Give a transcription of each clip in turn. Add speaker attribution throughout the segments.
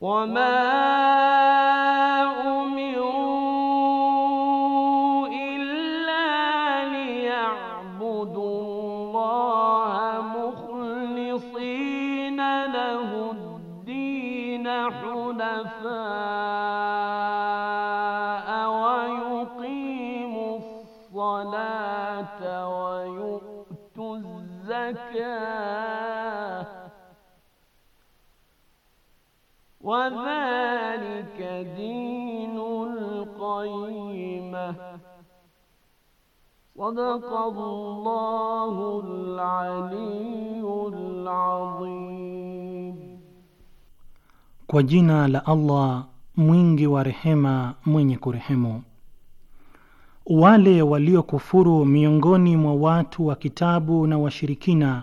Speaker 1: وما Kwa jina la Allah mwingi wa rehema mwenye kurehemu. Wale waliokufuru miongoni mwa watu wa kitabu na washirikina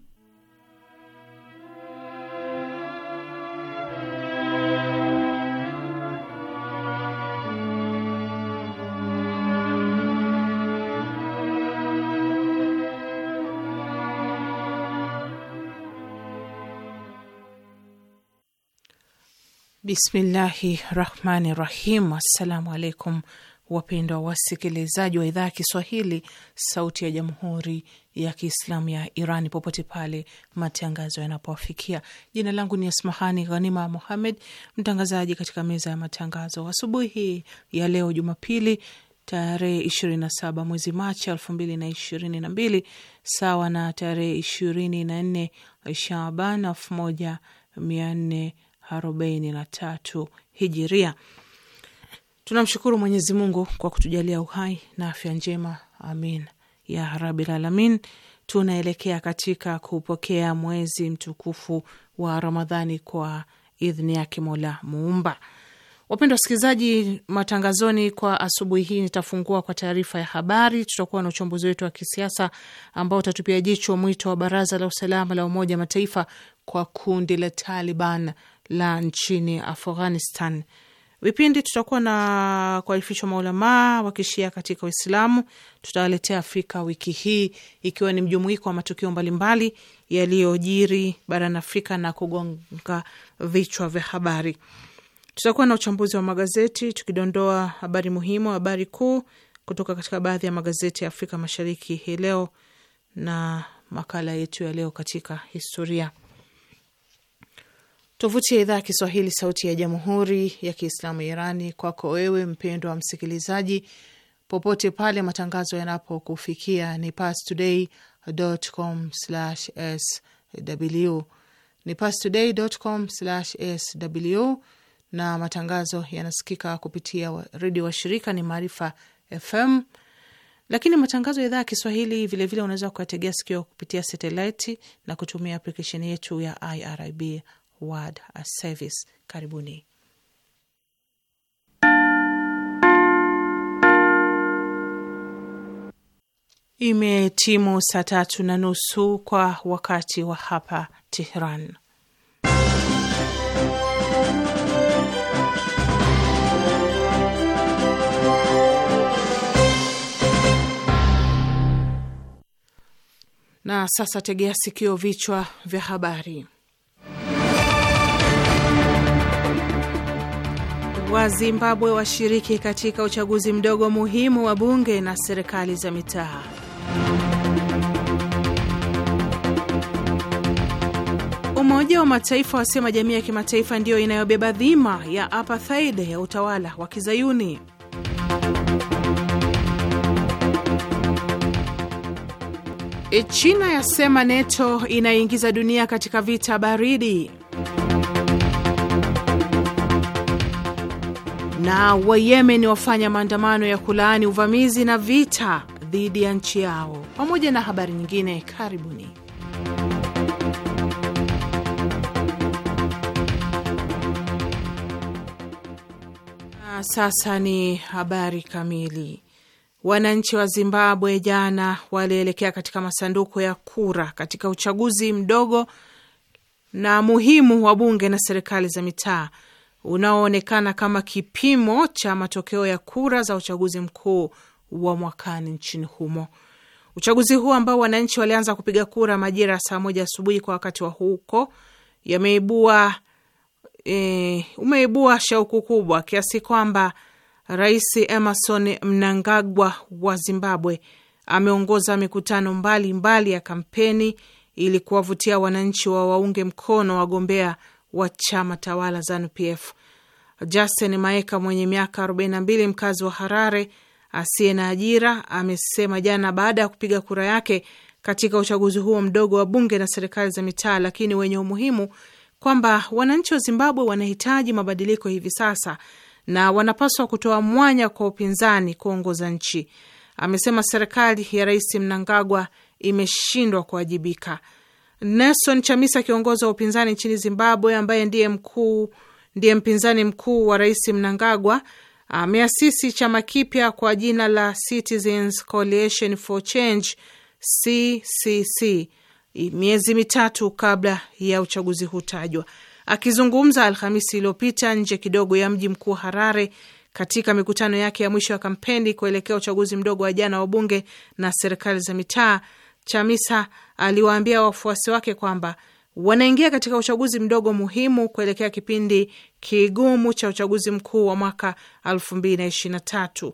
Speaker 2: Bismillahi rahmani rahim. Assalamu alaikum wapendwa wasikilizaji wa idhaa ya Kiswahili sauti ya jamhuri ya Kiislamu ya Iran popote pale matangazo yanapowafikia. Jina langu ni Asmahani Ghanima Muhammed, mtangazaji katika meza ya matangazo asubuhi ya leo Jumapili tarehe 27 mwezi Machi elfu mbili na ishirini na mbili sawa na tarehe ishirini na nne Shaban elfu moja mia nne arobaini na tatu hijiria. Tunamshukuru Mwenyezi Mungu kwa kutujalia uhai na afya njema, amin ya rabil alamin. Tunaelekea katika kupokea mwezi mtukufu wa Ramadhani kwa idhni yake Mola Muumba. Wapendwa wasikilizaji, matangazoni kwa asubuhi hii nitafungua kwa taarifa ya habari. Tutakuwa na uchambuzi wetu wa kisiasa ambao utatupia jicho mwito wa baraza la usalama la Umoja Mataifa kwa kundi la Taliban la nchini Afghanistan. Vipindi tutakuwa na kualifishwa maulamaa wa kishia katika Uislamu, tutawaletea Afrika wiki hii, ikiwa ni mjumuiko wa matukio mbalimbali yaliyojiri barani Afrika na kugonga vichwa vya habari. Tutakuwa na uchambuzi wa magazeti tukidondoa habari muhimu, habari kuu kutoka katika baadhi ya magazeti ya Afrika Mashariki hii leo na makala yetu ya leo katika historia. Tovuti ya idhaa ya Kiswahili sauti ya jamhuri ya Kiislamu Irani kwako wewe wa msikilizaji, popote pale matangazo yanapokufikia ni pastoday.com/sw, ni pastoday.com/sw, na matangazo yanasikika kupitia redio wa shirika ni Maarifa FM. Lakini matangazo ya idhaa ya Kiswahili vilevile unaweza kuyategea sikio kupitia satelaiti na kutumia aplikesheni yetu ya IRIB World Service. Karibuni. Imetimu saa tatu na nusu kwa wakati wa hapa Tehran. Na sasa tegea sikio, vichwa vya habari. Wazimbabwe washiriki katika uchaguzi mdogo muhimu wa bunge na serikali za mitaa. Umoja wa Mataifa wasema jamii ya kimataifa ndiyo inayobeba dhima ya apartheid ya utawala wa Kizayuni. China yasema NATO inaingiza dunia katika vita baridi. na Wayemen wafanya maandamano ya kulaani uvamizi na vita dhidi ya nchi yao, pamoja na habari nyingine. Karibuni. Na sasa ni habari kamili. Wananchi wa Zimbabwe jana walielekea katika masanduku ya kura katika uchaguzi mdogo na muhimu wa bunge na serikali za mitaa unaoonekana kama kipimo cha matokeo ya kura za uchaguzi mkuu wa mwakani nchini humo. Uchaguzi huu ambao wananchi walianza kupiga kura majira ya saa moja asubuhi kwa wakati wa huko yameibua e, umeibua shauku kubwa kiasi kwamba Rais Emerson Mnangagwa wa Zimbabwe ameongoza mikutano mbalimbali mbali ya kampeni ili kuwavutia wananchi wa waunge mkono wagombea wa chama tawala ZANU PF. Justin Maeka mwenye miaka 42 mkazi wa Harare asiye na ajira amesema jana baada ya kupiga kura yake katika uchaguzi huo mdogo wa bunge na serikali za mitaa, lakini wenye umuhimu, kwamba wananchi wa Zimbabwe wanahitaji mabadiliko hivi sasa na wanapaswa kutoa mwanya kwa upinzani kuongoza nchi. Amesema serikali ya Rais Mnangagwa imeshindwa kuwajibika. Nelson Chamisa, kiongozi wa upinzani nchini Zimbabwe ambaye ndiye mkuu ndiye mpinzani mkuu wa rais Mnangagwa, ameasisi chama kipya kwa jina la Citizens Coalition for Change CCC miezi mitatu kabla ya uchaguzi hutajwa. Akizungumza Alhamisi iliyopita nje kidogo ya mji mkuu Harare katika mikutano yake ya mwisho ya kampeni kuelekea uchaguzi mdogo wa jana wa bunge na serikali za mitaa, Chamisa aliwaambia wafuasi wake kwamba wanaingia katika uchaguzi mdogo muhimu kuelekea kipindi kigumu cha uchaguzi mkuu wa mwaka 2023.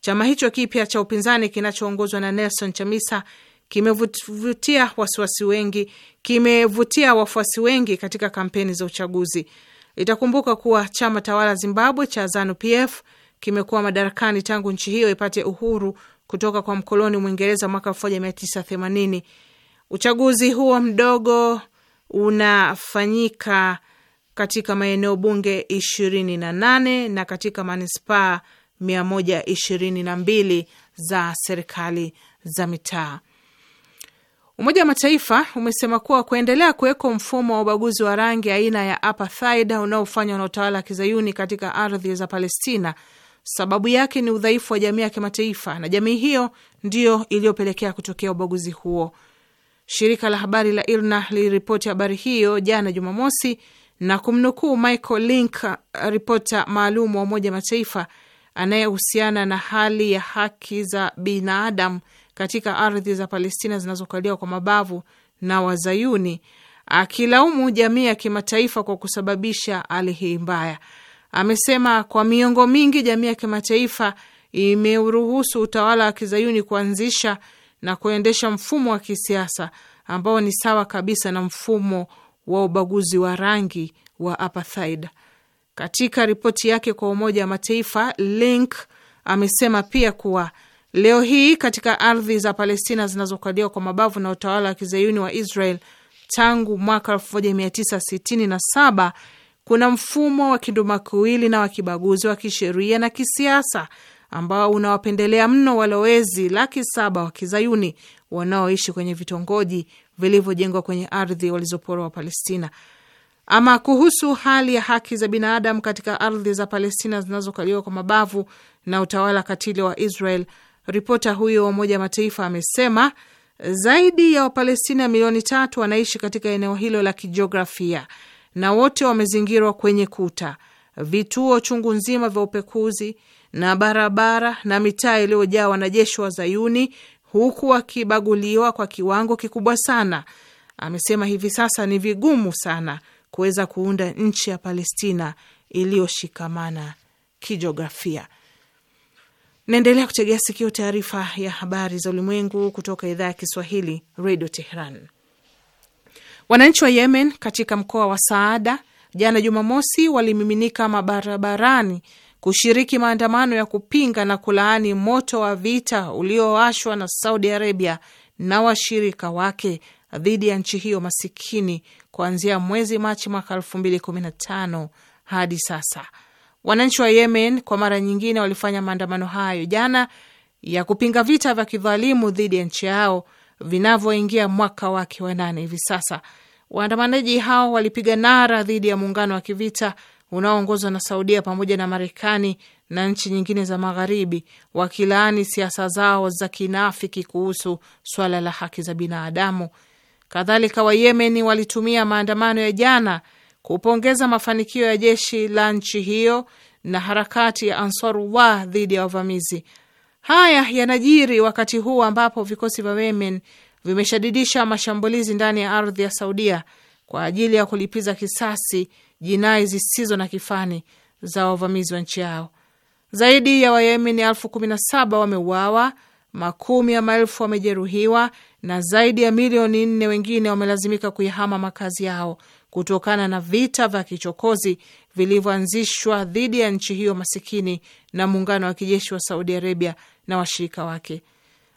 Speaker 2: Chama hicho kipya cha upinzani kinachoongozwa na Nelson Chamisa kimevutia wasiwasi wengi, kimevutia wafuasi wengi katika kampeni za uchaguzi. Itakumbuka kuwa chama tawala Zimbabwe cha Zanu PF kimekuwa madarakani tangu nchi hiyo ipate uhuru kutoka kwa mkoloni Mwingereza mwaka 1980. Uchaguzi huo mdogo unafanyika katika maeneo bunge ishirini na nane na katika manispaa mia moja ishirini na mbili za serikali za mitaa. Umoja wa Mataifa umesema kuwa kuendelea kuweko mfumo wa ubaguzi wa rangi aina ya apartheid unaofanywa na utawala wa kizayuni katika ardhi za Palestina, sababu yake ni udhaifu wa jamii ya kimataifa, na jamii hiyo ndiyo iliyopelekea kutokea ubaguzi huo. Shirika la habari la IRNA liliripoti habari hiyo jana Jumamosi na kumnukuu Michael Link, ripota maalum wa Umoja Mataifa anayehusiana na hali ya haki za binadamu katika ardhi za Palestina zinazokaliwa kwa mabavu na Wazayuni, akilaumu jamii ya kimataifa kwa kusababisha hali hii mbaya. Amesema kwa miongo mingi jamii ya kimataifa imeuruhusu utawala wa kizayuni kuanzisha na kuendesha mfumo wa kisiasa ambao ni sawa kabisa na mfumo wa ubaguzi wa rangi wa apartheid. Katika ripoti yake kwa Umoja wa Mataifa, Link amesema pia kuwa leo hii katika ardhi za Palestina zinazokaliwa kwa mabavu na utawala wa kizayuni wa Israel tangu mwaka 1967 kuna mfumo wa kindumakuwili na wa kibaguzi wa kisheria na kisiasa ambao unawapendelea mno walowezi laki saba wa kizayuni wanaoishi kwenye vitongoji vilivyojengwa kwenye ardhi walizoporwa wa Palestina. Ama kuhusu hali ya haki za binadamu katika ardhi za Palestina zinazokaliwa kwa mabavu na utawala katili wa Israel, ripota huyo wa Umoja Mataifa amesema zaidi ya Wapalestina milioni tatu wanaishi katika eneo hilo la kijiografia na wote wamezingirwa kwenye kuta, vituo chungu nzima vya upekuzi, na barabara na mitaa iliyojaa wanajeshi wa Zayuni, huku wakibaguliwa kwa kiwango kikubwa sana. Amesema hivi sasa ni vigumu sana kuweza kuunda nchi ya Palestina iliyoshikamana kijiografia. Naendelea kutegea sikio taarifa ya habari za ulimwengu kutoka idhaa ya Kiswahili, Radio Tehran. Wananchi wa Yemen katika mkoa wa Saada jana Jumamosi walimiminika mabarabarani kushiriki maandamano ya kupinga na kulaani moto wa vita uliowashwa na Saudi Arabia na washirika wake dhidi ya nchi hiyo masikini kuanzia mwezi Machi mwaka elfu mbili kumi na tano hadi sasa. Wananchi wa Yemen kwa mara nyingine walifanya maandamano hayo jana ya kupinga vita vya kidhalimu dhidi ya nchi yao vinavyoingia mwaka wake wa nane hivi sasa. Waandamanaji hao walipiga nara dhidi ya muungano wa kivita unaoongozwa na Saudia pamoja na Marekani na nchi nyingine za Magharibi, wakilaani siasa zao za kinafiki kuhusu swala la haki za binadamu. Kadhalika, Wayemeni walitumia maandamano ya jana kupongeza mafanikio ya jeshi la nchi hiyo na harakati ya Ansarullah dhidi ya wavamizi. Haya yanajiri wakati huu ambapo vikosi vya Yemen vimeshadidisha mashambulizi ndani ya ardhi ya Saudia kwa ajili ya kulipiza kisasi jinai zisizo na kifani za wavamizi wa nchi yao. Zaidi ya Wayemeni elfu kumi na saba wameuawa, makumi ya maelfu wamejeruhiwa na zaidi ya milioni nne wengine wamelazimika kuyahama makazi yao kutokana na vita vya kichokozi vilivyoanzishwa dhidi ya nchi hiyo masikini na muungano wa kijeshi wa Saudi Arabia na washirika wake.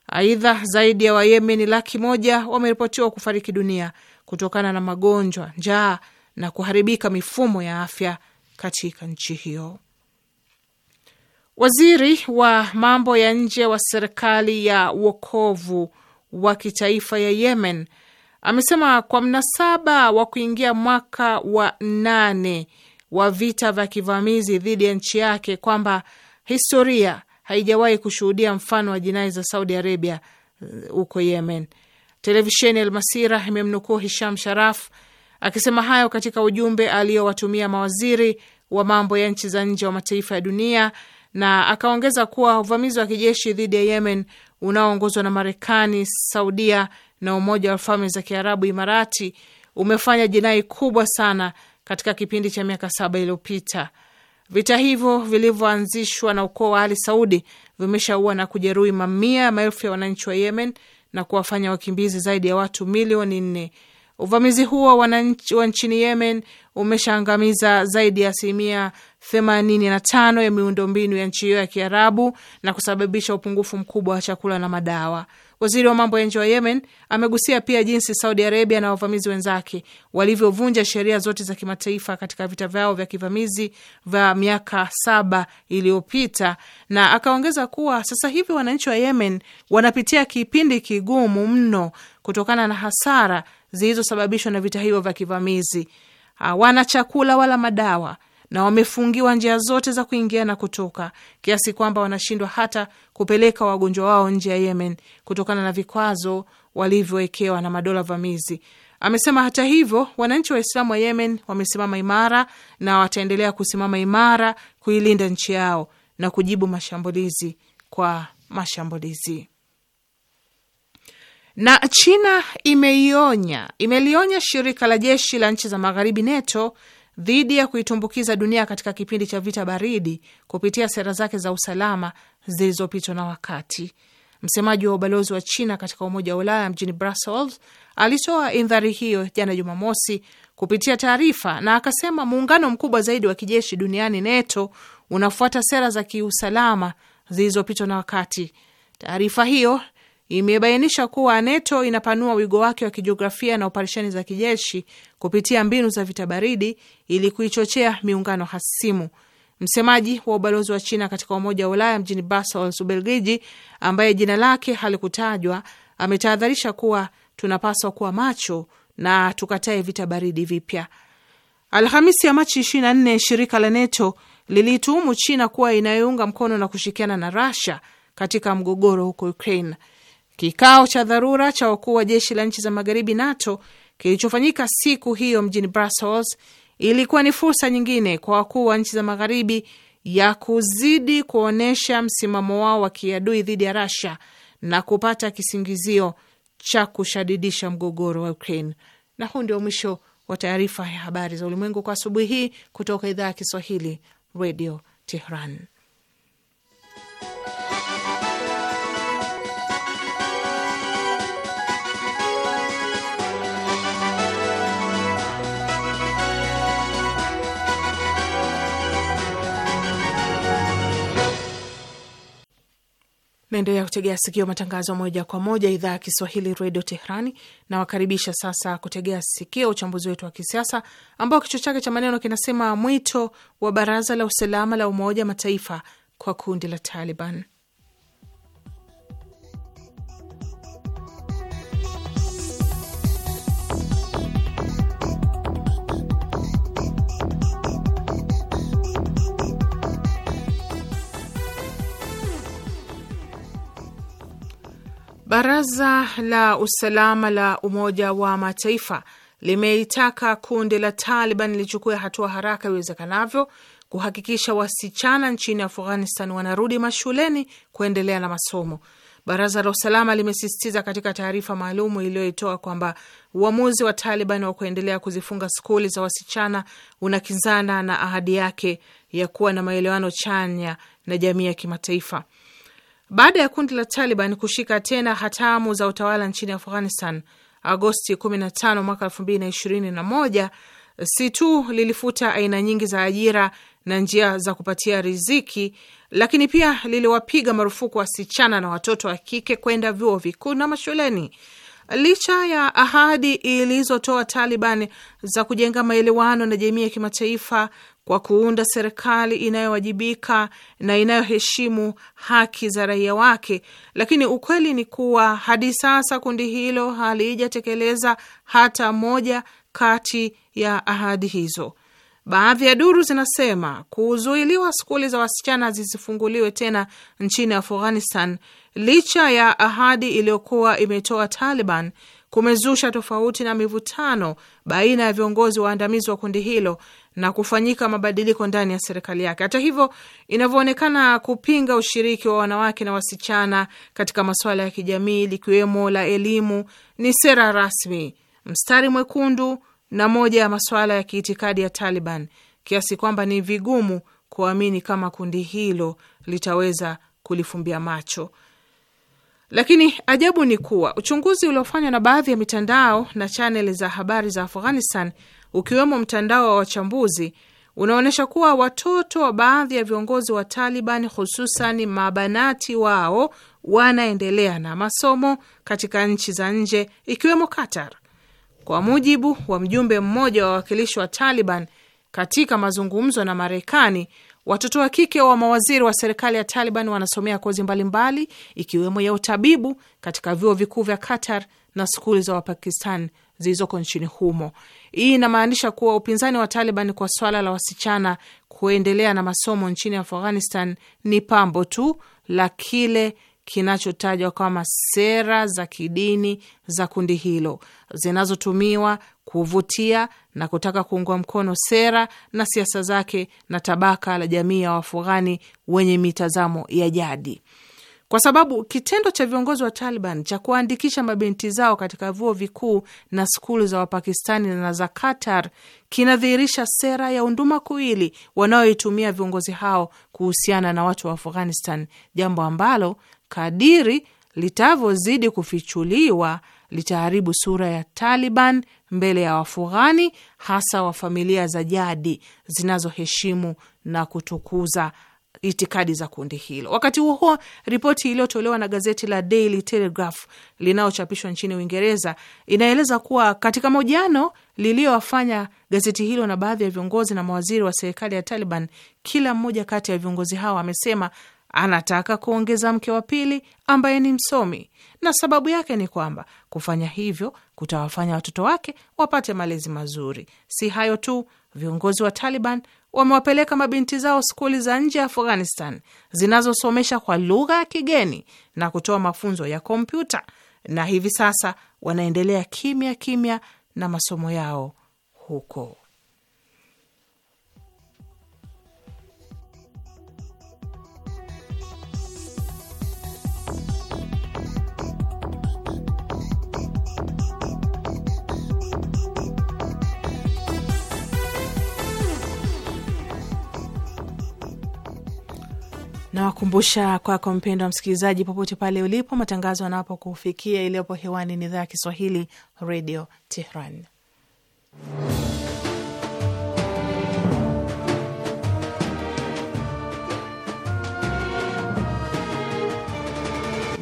Speaker 2: Aidha, zaidi ya Wayemeni laki moja wameripotiwa kufariki dunia kutokana na magonjwa, njaa na kuharibika mifumo ya afya katika nchi hiyo. Waziri wa mambo ya nje wa serikali ya uokovu wa kitaifa ya Yemen amesema kwa mnasaba wa kuingia mwaka wa nane wa vita vya kivamizi dhidi ya nchi yake kwamba historia haijawahi kushuhudia mfano wa jinai za Saudi Arabia uh, huko Yemen. Televisheni Almasira imemnukuu Hisham Sharaf Akisema hayo katika ujumbe aliowatumia mawaziri wa mambo ya nchi za nje wa mataifa ya dunia, na akaongeza kuwa uvamizi wa kijeshi dhidi ya Yemen unaoongozwa na Marekani, Saudia na Umoja wa Falme za Kiarabu, Imarati, umefanya jinai kubwa sana katika kipindi cha miaka saba iliyopita. Vita hivyo vilivyoanzishwa na ukoo wa Ali Saudi vimeshaua na kujeruhi mamia maelfu ya wananchi wa Yemen na kuwafanya wakimbizi zaidi ya watu milioni nne Uvamizi huo wa nchini Yemen umeshaangamiza zaidi ya asilimia 85 ya miundombinu ya nchi hiyo ya Kiarabu na kusababisha upungufu mkubwa wa chakula na madawa. Waziri wa mambo ya nje wa Yemen amegusia pia jinsi Saudi Arabia na wavamizi wenzake walivyovunja sheria zote za kimataifa katika vita vyao vya kivamizi vya miaka saba iliyopita, na akaongeza kuwa sasa hivi wananchi wa Yemen wanapitia kipindi kigumu mno kutokana na hasara zilizosababishwa na vita hivyo vya kivamizi. Hawana ah, chakula wala madawa na wamefungiwa njia zote za kuingia na kutoka, kiasi kwamba wanashindwa hata kupeleka wagonjwa wao nje ya Yemen kutokana na vikwazo walivyowekewa na madola vamizi. Amesema hata hivyo, wananchi Waislamu wa Yemen wamesimama imara na wataendelea kusimama imara kuilinda nchi yao na kujibu mashambulizi kwa mashambulizi. Na China imeionya imelionya shirika la jeshi la nchi za magharibi NATO dhidi ya kuitumbukiza dunia katika kipindi cha vita baridi kupitia sera zake za usalama zilizopitwa na wakati. Msemaji wa ubalozi wa China katika Umoja wa Ulaya mjini Brussels alitoa indhari hiyo jana Jumamosi kupitia taarifa, na akasema muungano mkubwa zaidi wa kijeshi duniani NATO unafuata sera za kiusalama zilizopitwa na wakati. Taarifa hiyo imebainisha kuwa NATO inapanua wigo wake wa kijiografia na operesheni za kijeshi kupitia mbinu za vita baridi ili kuichochea miungano hasimu. Msemaji wa ubalozi wa China katika Umoja wa Ulaya mjini Brussels, Ubelgiji, ambaye jina lake halikutajwa, ametahadharisha kuwa tunapaswa kuwa macho na tukatae vita baridi vipya. Alhamisi ya Machi 24 shirika la NATO lilituhumu China kuwa inayounga mkono na kushirikiana na Russia katika mgogoro huko Ukraine. Kikao cha dharura cha wakuu wa jeshi la nchi za magharibi NATO kilichofanyika siku hiyo mjini Brussels ilikuwa ni fursa nyingine kwa wakuu wa nchi za magharibi ya kuzidi kuonyesha msimamo wao wa kiadui dhidi ya Russia na kupata kisingizio cha kushadidisha mgogoro wa Ukraine. Na huu ndio mwisho wa taarifa ya habari za ulimwengu kwa asubuhi hii kutoka idhaa ya Kiswahili, Radio Tehran. Naendelea kutegea sikio matangazo moja kwa moja idhaa ya Kiswahili redio tehrani Nawakaribisha sasa kutegea sikio uchambuzi wetu wa kisiasa ambao kichwa chake cha maneno kinasema mwito wa baraza la usalama la Umoja Mataifa kwa kundi la Taliban. Baraza la usalama la Umoja wa Mataifa limeitaka kundi la Taliban lichukue hatua haraka iwezekanavyo kuhakikisha wasichana nchini Afghanistan wanarudi mashuleni kuendelea na masomo. Baraza la usalama limesisitiza katika taarifa maalumu iliyoitoa kwamba uamuzi wa Taliban wa kuendelea kuzifunga skuli za wasichana unakinzana na ahadi yake ya kuwa na maelewano chanya na jamii ya kimataifa. Baada ya kundi la Taliban kushika tena hatamu za utawala nchini Afghanistan Agosti 15 mwaka 2021, si tu lilifuta aina nyingi za ajira na njia za kupatia riziki, lakini pia liliwapiga marufuku wasichana na watoto wa kike kwenda vyuo vikuu na mashuleni Licha ya ahadi ilizotoa Taliban za kujenga maelewano na jamii ya kimataifa kwa kuunda serikali inayowajibika na inayoheshimu haki za raia wake, lakini ukweli ni kuwa hadi sasa kundi hilo halijatekeleza hata moja kati ya ahadi hizo. Baadhi ya duru zinasema kuzuiliwa skuli za wasichana zisifunguliwe tena nchini Afghanistan licha ya ahadi iliyokuwa imetoa Taliban, kumezusha tofauti na mivutano baina ya viongozi waandamizi wa kundi hilo na kufanyika mabadiliko ndani ya serikali yake. Hata hivyo, inavyoonekana kupinga ushiriki wa wanawake na wasichana katika masuala ya kijamii likiwemo la elimu ni sera rasmi, mstari mwekundu na moja ya masuala ya kiitikadi ya Taliban, kiasi kwamba ni vigumu kuamini kama kundi hilo litaweza kulifumbia macho. Lakini ajabu ni kuwa uchunguzi uliofanywa na baadhi ya mitandao na chaneli za habari za Afghanistan, ukiwemo mtandao wa wachambuzi, unaonyesha kuwa watoto wa baadhi ya viongozi wa Taliban, hususan mabanati wao, wanaendelea na masomo katika nchi za nje ikiwemo Qatar. Kwa mujibu wa mjumbe mmoja wa wawakilishi wa Taliban katika mazungumzo na Marekani Watoto wa kike wa mawaziri wa serikali ya Taliban wanasomea kozi mbalimbali ikiwemo ya utabibu katika vyuo vikuu vya Qatar na skuli za Wapakistan zilizoko nchini humo. Hii inamaanisha kuwa upinzani wa Taliban kwa swala la wasichana kuendelea na masomo nchini Afghanistan ni pambo tu la kile kinachotajwa kama sera za kidini za kundi hilo zinazotumiwa kuvutia na kutaka kuungwa mkono sera na siasa zake na tabaka la jamii ya waafughani wenye mitazamo ya jadi, kwa sababu kitendo cha viongozi wa Taliban cha kuandikisha mabinti zao katika vyuo vikuu na skuli za Wapakistani na za Qatar kinadhihirisha sera ya unduma kuili wanaoitumia viongozi hao kuhusiana na watu wa Afghanistan, jambo ambalo kadiri litavyozidi kufichuliwa litaharibu sura ya Taliban mbele ya Wafughani, hasa wa familia za jadi zinazoheshimu na kutukuza itikadi za kundi hilo. Wakati huo huo, ripoti iliyotolewa na gazeti la Daily Telegraph linalochapishwa nchini Uingereza inaeleza kuwa katika mahojiano liliyowafanya gazeti hilo na baadhi ya viongozi na mawaziri wa serikali ya Taliban, kila mmoja kati ya viongozi hao amesema Anataka kuongeza mke wa pili ambaye ni msomi, na sababu yake ni kwamba kufanya hivyo kutawafanya watoto wake wapate malezi mazuri. Si hayo tu, viongozi wa Taliban wamewapeleka mabinti zao skuli za nje ya Afghanistan zinazosomesha kwa lugha ya kigeni na kutoa mafunzo ya kompyuta, na hivi sasa wanaendelea kimya kimya na masomo yao huko. Nawakumbusha kwako mpendo wa msikilizaji, popote pale ulipo, matangazo yanapokufikia iliyopo hewani ni idhaa ya Kiswahili Redio Tehran.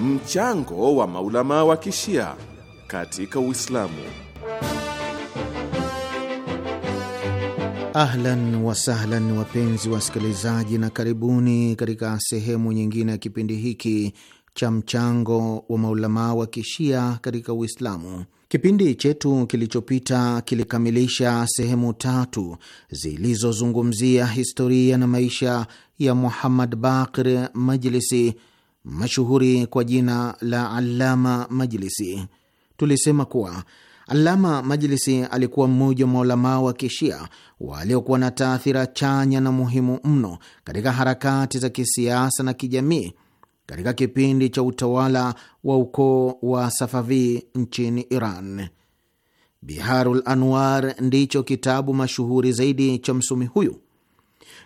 Speaker 3: Mchango wa maulama wa kishia katika Uislamu.
Speaker 4: Ahlan wasahlan, wapenzi wasikilizaji, na karibuni katika sehemu nyingine ya kipindi hiki cha mchango wa maulamaa wa kishia katika Uislamu. Kipindi chetu kilichopita kilikamilisha sehemu tatu zilizozungumzia historia na maisha ya Muhammad Baqir Majlisi, mashuhuri kwa jina la Allama Majlisi. Tulisema kuwa Alama Majlisi alikuwa mmoja wa maulamaa wa kishia waliokuwa na taathira chanya na muhimu mno katika harakati za kisiasa na kijamii katika kipindi cha utawala wa ukoo wa Safavi nchini Iran. Biharul Anwar ndicho kitabu mashuhuri zaidi cha msomi huyu.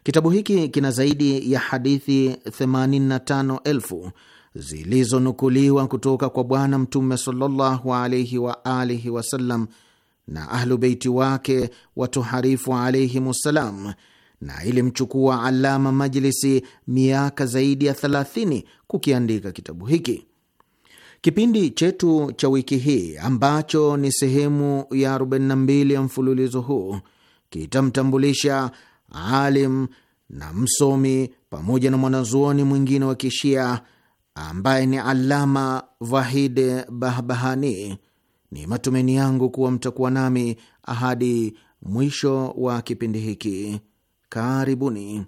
Speaker 4: Kitabu hiki kina zaidi ya hadithi 85,000 zilizonukuliwa kutoka kwa Bwana Mtume sallallahu alaihi wa alihi wasallam na Ahlubeiti wake watoharifu alaihimussalam, na ilimchukua Alama Majlisi miaka zaidi ya 30 kukiandika kitabu hiki. Kipindi chetu cha wiki hii ambacho ni sehemu ya 42 ya mfululizo huu kitamtambulisha alim na msomi pamoja na mwanazuoni mwingine wa Kishia ambaye ni Alama Vahid Bahbahani. Ni matumaini yangu kuwa mtakuwa nami hadi mwisho wa kipindi hiki. Karibuni.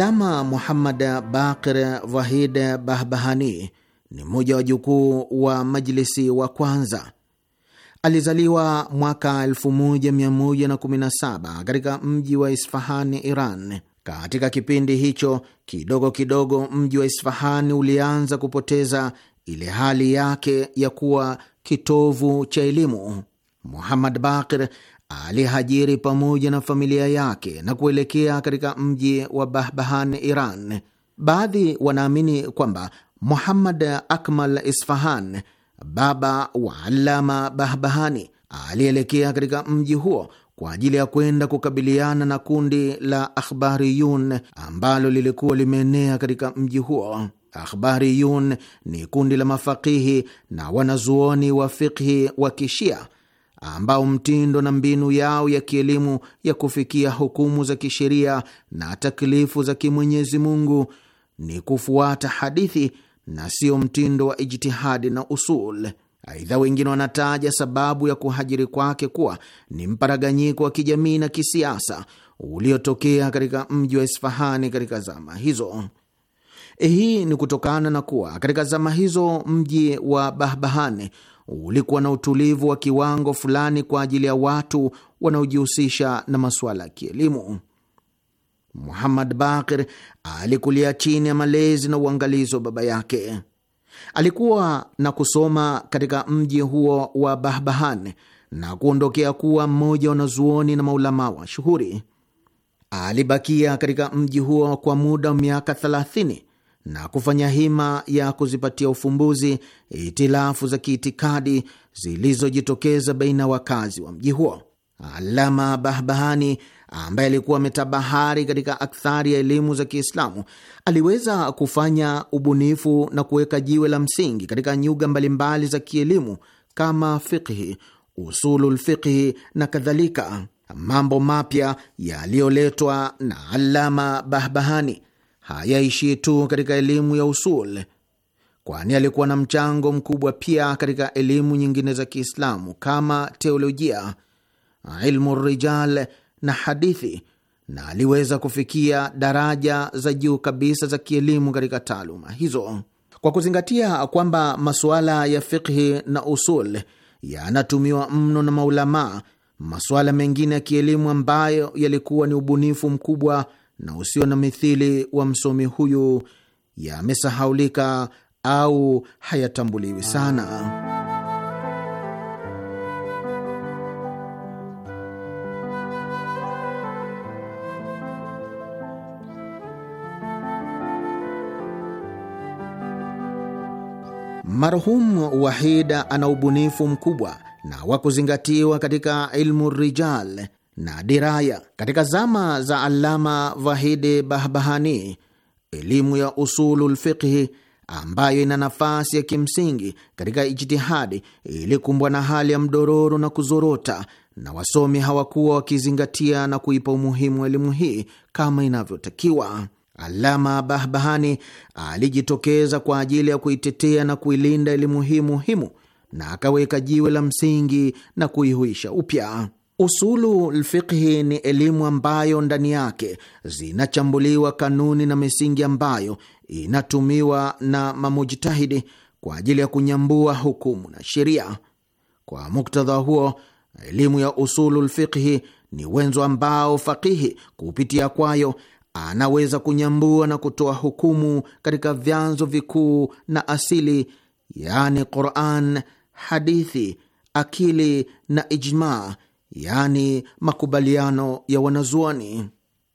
Speaker 4: Alama Muhammad Baqir Wahid Bahbahani ni mmoja wa jukuu wa Majlisi wa kwanza. Alizaliwa mwaka 1117 katika mji wa Isfahani, Iran. Katika kipindi hicho kidogo kidogo, mji wa Isfahani ulianza kupoteza ile hali yake ya kuwa kitovu cha elimu. Muhammad Baqir alihajiri pamoja na familia yake na kuelekea katika mji wa Bahbahan, Iran. Baadhi wanaamini kwamba Muhammad Akmal Isfahan, baba wa Alama Bahbahani, alielekea katika mji huo kwa ajili ya kwenda kukabiliana na kundi la Akhbariyun ambalo lilikuwa limeenea katika mji huo. Akhbariyun ni kundi la mafakihi na wanazuoni wa fikhi wa Kishia ambao mtindo na mbinu yao ya kielimu ya kufikia hukumu za kisheria na taklifu za kimwenyezi Mungu ni kufuata hadithi na sio mtindo wa ijtihadi na usul. Aidha, wengine wanataja sababu ya kuhajiri kwake kuwa ni mparaganyiko wa kijamii na kisiasa uliotokea katika mji wa Isfahani katika zama hizo. Hii ni kutokana na kuwa katika zama hizo mji wa Bahbahani ulikuwa na utulivu wa kiwango fulani kwa ajili ya watu wanaojihusisha na masuala ya kielimu. Muhammad Bakir alikulia chini ya malezi na uangalizi wa baba yake. Alikuwa na kusoma katika mji huo wa Bahbahan na kuondokea kuwa mmoja wa wanazuoni na maulamaa wa shuhuri. Alibakia katika mji huo kwa muda wa miaka 30 na kufanya hima ya kuzipatia ufumbuzi itilafu za kiitikadi zilizojitokeza baina ya wakazi wa mji huo. Alama Bahbahani ambaye alikuwa ametabahari katika akthari ya elimu za Kiislamu aliweza kufanya ubunifu na kuweka jiwe la msingi katika nyuga mbalimbali za kielimu kama fiqhi, usulul fiqhi na kadhalika, mambo mapya yaliyoletwa na Alama Bahbahani hayaishii tu katika elimu ya usul, kwani alikuwa na mchango mkubwa pia katika elimu nyingine za Kiislamu kama teolojia, ilmu rijal na hadithi, na aliweza kufikia daraja za juu kabisa za kielimu katika taaluma hizo. Kwa kuzingatia kwamba masuala ya fikhi na usul yanatumiwa mno na maulamaa, masuala mengine ya kielimu ambayo yalikuwa ni ubunifu mkubwa na usio na mithili wa msomi huyu yamesahaulika au hayatambuliwi sana. Marhum Wahida ana ubunifu mkubwa na wa kuzingatiwa katika ilmu rijal na diraya. Katika zama za Allama Vahidi Bahbahani, elimu ya usulul fiqhi ambayo ina nafasi ya kimsingi katika ijtihadi ilikumbwa na hali ya mdororo na kuzorota, na wasomi hawakuwa wakizingatia na kuipa umuhimu elimu hii kama inavyotakiwa. Alama Bahbahani alijitokeza kwa ajili ya kuitetea na kuilinda elimu hii muhimu, na akaweka jiwe la msingi na kuihuisha upya. Usulu lfiqhi ni elimu ambayo ndani yake zinachambuliwa kanuni na misingi ambayo inatumiwa na mamujtahidi kwa ajili ya kunyambua hukumu na sheria. Kwa muktadha huo, elimu ya usulu lfiqhi ni wenzo ambao faqihi kupitia kwayo anaweza kunyambua na kutoa hukumu katika vyanzo vikuu na asili, yaani Quran, hadithi, akili na ijmaa yaani makubaliano ya wanazuoni.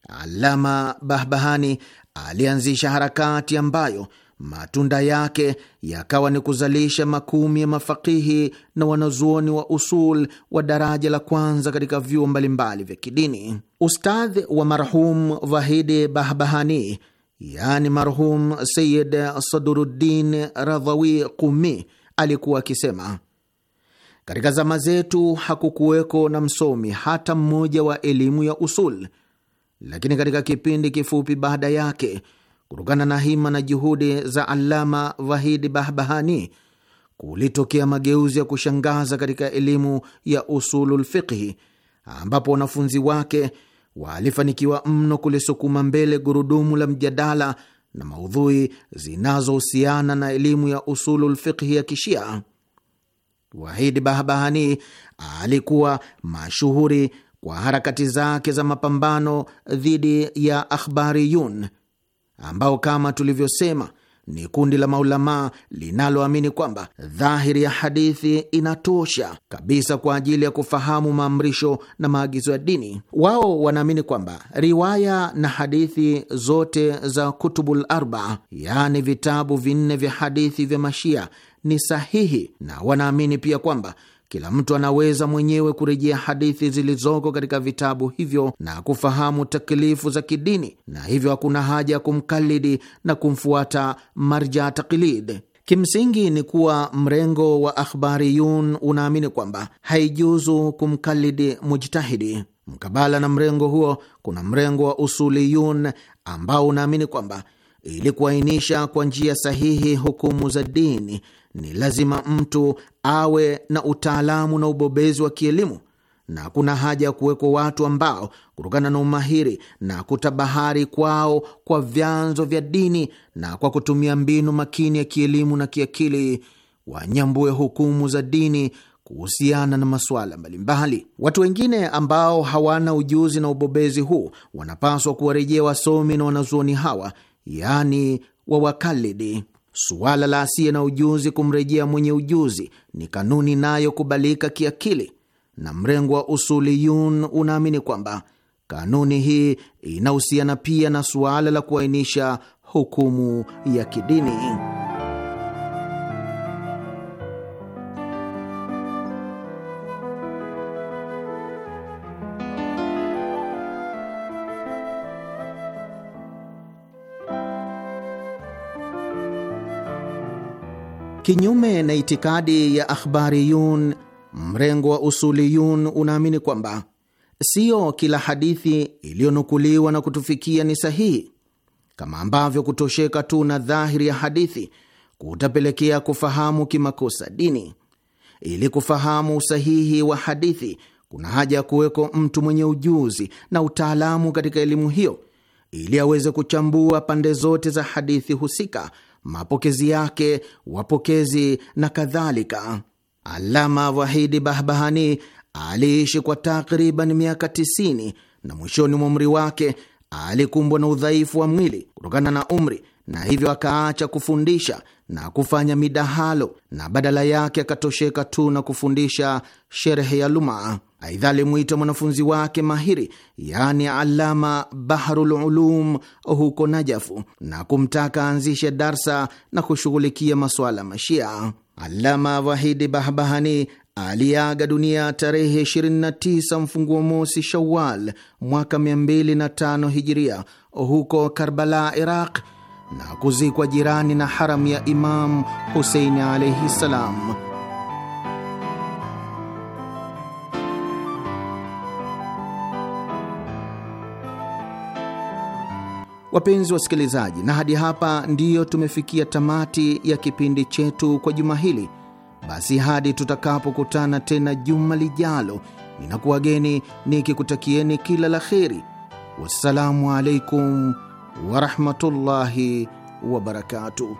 Speaker 4: Alama Bahbahani alianzisha harakati ambayo matunda yake yakawa ni kuzalisha makumi ya mafakihi na wanazuoni wa usul wa daraja la kwanza katika vyuo mbalimbali vya kidini. Ustadh wa marhum Vahidi Bahbahani, yaani marhum Sayid Saduruddin Radhawi Qumi, alikuwa akisema katika zama zetu hakukuweko na msomi hata mmoja wa elimu ya usul, lakini katika kipindi kifupi baada yake, kutokana na hima na juhudi za Allama Vahidi Bahbahani, kulitokea mageuzi ya kushangaza katika elimu ya usulul fiqhi, ambapo wanafunzi wake walifanikiwa mno kulisukuma mbele gurudumu la mjadala na maudhui zinazohusiana na elimu ya usulul fiqhi ya Kishia. Wahidi Bahbahani alikuwa mashuhuri kwa harakati zake za mapambano dhidi ya Akhbariyun ambao kama tulivyosema ni kundi la maulamaa linaloamini kwamba dhahiri ya hadithi inatosha kabisa kwa ajili ya kufahamu maamrisho na maagizo ya dini. Wao wanaamini kwamba riwaya na hadithi zote za kutubul arba, yaani vitabu vinne vya hadithi vya Mashia, ni sahihi, na wanaamini pia kwamba kila mtu anaweza mwenyewe kurejea hadithi zilizoko katika vitabu hivyo na kufahamu takilifu za kidini, na hivyo hakuna haja ya kumkalidi na kumfuata marja taklid. Kimsingi ni kuwa mrengo wa akhbariyun unaamini kwamba haijuzu kumkalidi mujtahidi. Mkabala na mrengo huo, kuna mrengo wa usuliyun ambao unaamini kwamba ili kuainisha kwa njia sahihi hukumu za dini ni lazima mtu awe na utaalamu na ubobezi wa kielimu, na kuna haja ya kuwekwa watu ambao kutokana na umahiri na kutabahari kwao kwa vyanzo vya dini na kwa kutumia mbinu makini ya kielimu na kiakili wanyambue hukumu za dini kuhusiana na masuala mbalimbali. Watu wengine ambao hawana ujuzi na ubobezi huu wanapaswa kuwarejea wasomi na wanazuoni hawa, yaani wawakalidi. Suala la asiye na ujuzi kumrejea mwenye ujuzi ni kanuni inayokubalika kiakili, na mrengo wa usuliyun unaamini kwamba kanuni hii inahusiana pia na suala la kuainisha hukumu ya kidini. Kinyume na itikadi ya akhbariyun, mrengo wa usuliyun unaamini kwamba siyo kila hadithi iliyonukuliwa na kutufikia ni sahihi, kama ambavyo kutosheka tu na dhahiri ya hadithi kutapelekea kufahamu kimakosa dini. Ili kufahamu usahihi wa hadithi, kuna haja ya kuweko mtu mwenye ujuzi na utaalamu katika elimu hiyo, ili aweze kuchambua pande zote za hadithi husika mapokezi yake, wapokezi na kadhalika. Alama Wahidi Bahbahani aliishi kwa takriban miaka 90 na mwishoni mwa umri wake alikumbwa na udhaifu wa mwili kutokana na umri, na hivyo akaacha kufundisha na kufanya midahalo na badala yake akatosheka tu na kufundisha sherehe ya Lumaa. Aidha, alimwita mwanafunzi wake mahiri yaani Alama baharul Ulum huko Najafu na kumtaka aanzishe darsa na kushughulikia masuala Mashia. Alama Wahidi Bahbahani aliyeaga dunia tarehe 29 mfunguo mosi Shawal mwaka 205 Hijiria huko Karbala, Iraq, na kuzikwa jirani na haramu ya Imam Huseini alaihi ssalam. Wapenzi wasikilizaji, na hadi hapa ndiyo tumefikia tamati ya kipindi chetu kwa juma hili. Basi hadi tutakapokutana tena juma lijalo, ninakuwageni nikikutakieni kila la kheri. Wassalamu alaikum warahmatullahi wabarakatuh.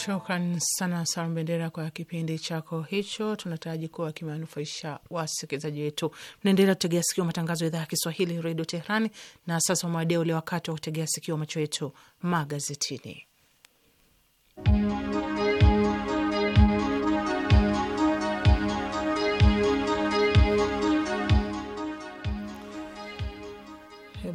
Speaker 2: Shukran sana Salum Bendera kwa kipindi chako hicho. Tunataraji kuwa kimewanufaisha wasikilizaji wetu. Mnaendelea kutegea sikio matangazo ya idhaa ya Kiswahili redio Teherani. Na sasa umewadia ule wakati wa kutegea sikio macho yetu magazetini.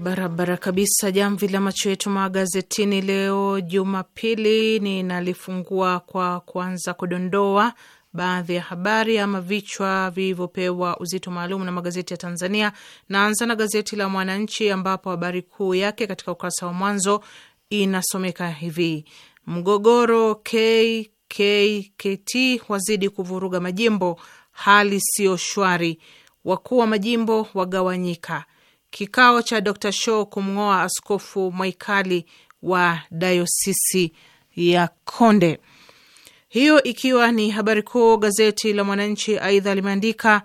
Speaker 2: barabara kabisa. Jamvi la macho yetu magazetini leo Jumapili ninalifungua kwa kuanza kudondoa baadhi ya habari ama vichwa vilivyopewa uzito maalum na magazeti ya Tanzania. Naanza na gazeti la Mwananchi ambapo habari kuu yake katika ukurasa wa mwanzo inasomeka hivi: mgogoro KKKT wazidi kuvuruga majimbo, hali siyo shwari, wakuu wa majimbo wagawanyika Kikao cha Dr Shaw kumng'oa askofu Mwaikali wa dayosisi ya Konde. Hiyo ikiwa ni habari kuu. Gazeti la Mwananchi aidha limeandika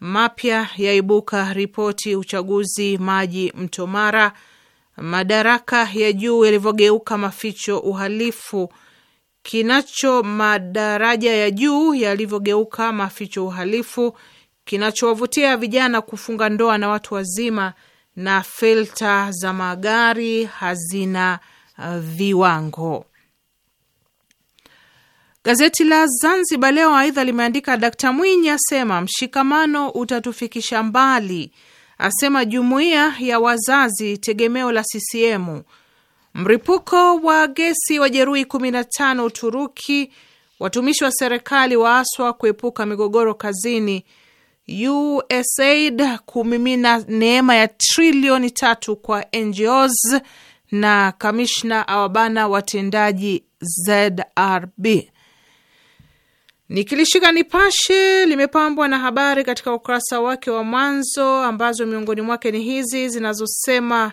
Speaker 2: mapya yaibuka, ripoti uchaguzi maji mto Mara, madaraka ya juu yalivyogeuka maficho uhalifu, kinacho madaraja ya juu yalivyogeuka maficho uhalifu, kinachowavutia vijana kufunga ndoa na watu wazima na filta za magari hazina uh, viwango. Gazeti la Zanzibar Leo aidha limeandika Dkt Mwinyi asema mshikamano utatufikisha mbali, asema jumuiya ya wazazi tegemeo la CCM. Mripuko wa gesi wajeruhi 15 Uturuki. Watumishi wa serikali waaswa kuepuka migogoro kazini. USAID kumimina neema ya trilioni tatu kwa NGOs na kamishna awabana watendaji ZRB. Nikilishika Nipashe limepambwa na habari katika ukurasa wake wa mwanzo ambazo miongoni mwake ni hizi zinazosema: